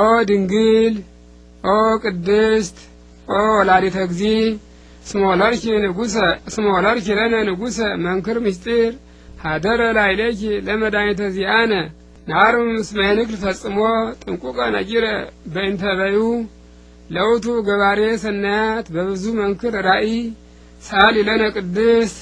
ኦ ድንግል ኦ ቅድስት ኦ ወላዲተ እግዚ ስመ ወለድኪ ንጉሰ ስመ ለነ ንጉሰ መንክር ምስጢር ሀደረ ላይለኪ ለመድኃኒተ ዚአነ ናርም ምስመ ህንክል ፈጽሞ ጥንቁቀ ነጊረ በእንተበዩ ለውቱ ገባሬ ሰናያት በብዙ መንክር ራእይ ሳሊ ለነ ቅድስት